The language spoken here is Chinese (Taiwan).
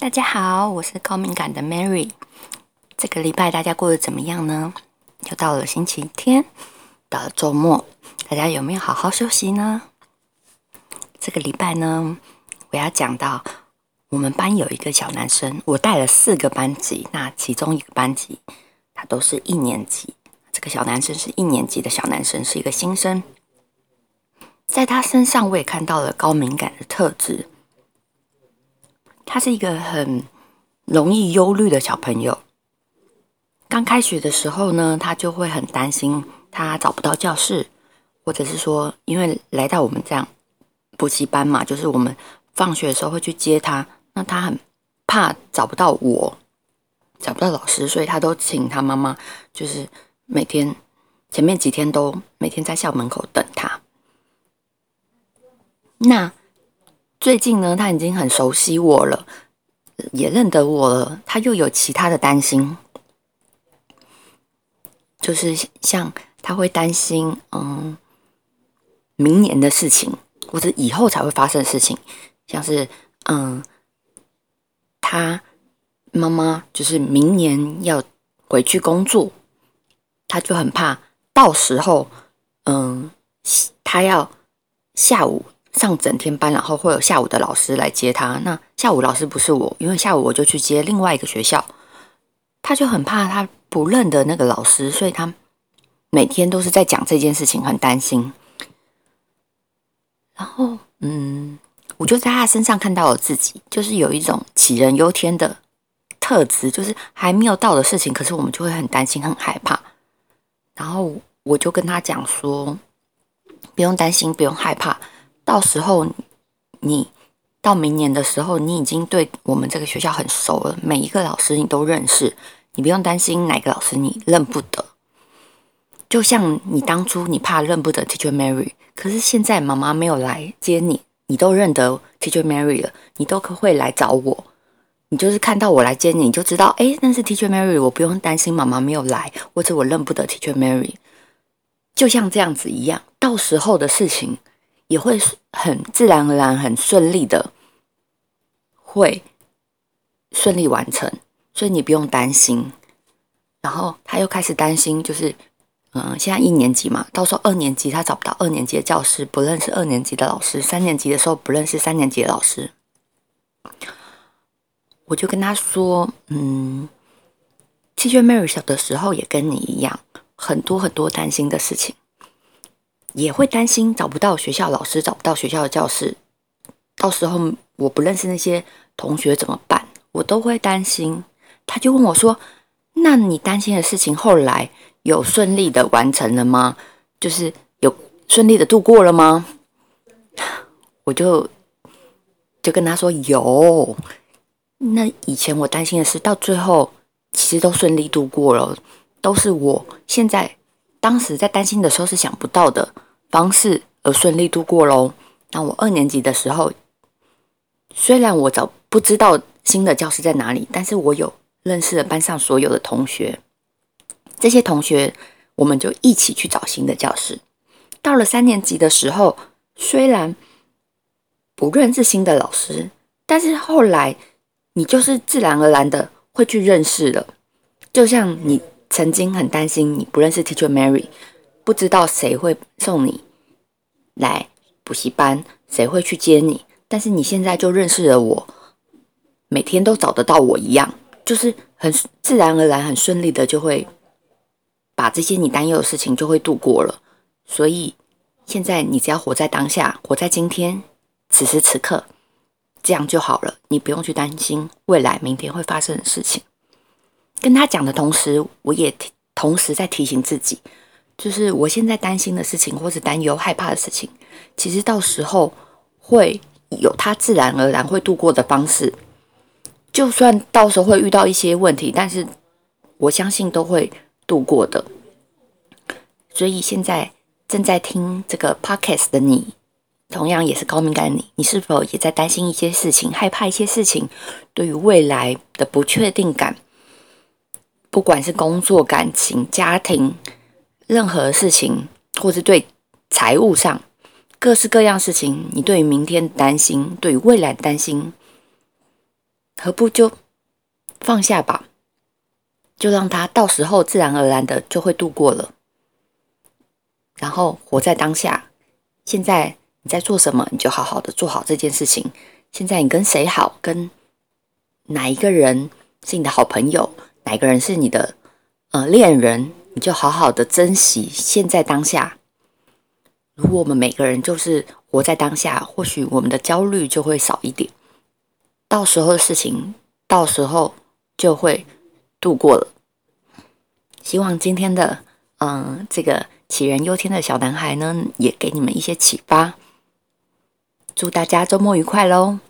大家好，我是高敏感的 Mary。這個禮拜大家過得怎麼樣呢？又到了星期天，到了周末，大家有沒有好好休息呢？這個禮拜呢，我要講到我們班有一個小男生。我帶了四個班級，那其中一個班級他都是一年級。這個小男生是一年級的小男生，是一個新生。在他身上，我也看到了高敏感的特質。他是一個很容易憂慮的小朋友。剛開學的時候呢，他就會很擔心他找不到教室，或者是說，因為來到我們這樣補習班嘛，就是我們放學的時候會去接他，那他很怕找不到我，找不到老師，所以他都請他媽媽，就是每天前面幾天都每天在校門口等他。那。最近呢，他已經很熟悉我了，也認得我了。他又有其他的擔心，就是像他會擔心，嗯，明年的事情，或者以後才會發生的事情，像是嗯，他媽媽就是明年要回去工作，他就很怕到時候，嗯，他要下午。上整天班，然後會有下午的老師來接他。那下午老師不是我，因為下午我就去接另外一個學校。他就很怕他不認得那個老師，所以他每天都是在講這件事情，很擔心。然後，嗯，我就在他身上看到了自己，就是有一種杞人憂天的特質，就是還沒有到的事情，可是我們就會很擔心、很害怕。然後我就跟他講說：“不用擔心，不用害怕。”到時候，你到明年的時候，你已經對我們這個學校很熟了，每一個老師你都認識，你不用擔心哪個老師你認不得。就像你當初你怕認不得 Teacher Mary，可是現在媽媽沒有來接你，你都認得 Teacher Mary 了，你都可會來找我。你就是看到我來接你，你就知道，哎，那是 Teacher Mary，我不用擔心媽媽沒有來，或者我認不得 Teacher Mary。就像這樣子一樣，到時候的事情。也會很自然而然，很順利的會順利完成，所以你不用擔心。然後他又開始擔心，就是嗯，現在一年級嘛，到時候二年級他找不到二年級的教室，不認識二年級的老師，三年級的時候不認識三年級的老師。我就跟他說，嗯，其實 Mary 小的時候也跟你一樣，很多很多擔心的事情。也會擔心找不到學校老師，找不到學校的教室，到時候我不認識那些同學怎麼辦？我都會擔心。他就問我說：“那你擔心的事情後來有順利的完成了嗎？就是有順利的度過了嗎？”我就就跟他說：“有。”那以前我擔心的事，到最後其實都順利度過了，都是我現在當時在擔心的時候是想不到的。方式而順利度過嘍。那我二年級的時候，雖然我找不知道，新的教室在哪裡，但是我有認識了班上所有的同學。這些同學，我們就一起去找新的教室。到了三年級的時候，雖然不認識新的老師，但是後來你就是自然而然的會去認識了。就像你曾經很擔心你不認識 Teacher Mary。不知道誰會送你來補習班，誰會去接你？但是你現在就認識了我，每天都找得到我一樣，就是很自然而然、很順利的就會把這些你擔憂的事情就會度過了。所以現在你只要活在當下，活在今天，此時此刻，這樣就好了。你不用去擔心未來、明天會發生的事情。跟他講的同時，我也同時在提醒自己。就是我現在擔心的事情，或是擔憂、害怕的事情，其實到時候會有他自然而然會度過的方式。就算到時候會遇到一些問題，但是我相信都會度過的。所以現在正在聽這個 podcast 的你，同樣也是高敏感的你，你是否也在擔心一些事情、害怕一些事情？對於未來的不確定感，不管是工作、感情、家庭、任何事情，或是對財務上各式各樣事情，你對於明天擔心，對於未來擔心，何不就放下吧？就讓它到時候自然而然的就會度過了。然後活在當下，現在你在做什麼，你就好好的做好這件事情。現在你跟誰好，跟哪一個人是你的好朋友，哪一個人是你的呃戀人？你就好好的珍惜現在當下。如果我們每個人就是活在當下，或許我們的焦慮就會少一點。到時候的事情到時候就會度過了。希望今天的嗯、呃、這個杞人憂天的小男孩呢，也給你們一些啟發。祝大家周末愉快嘍！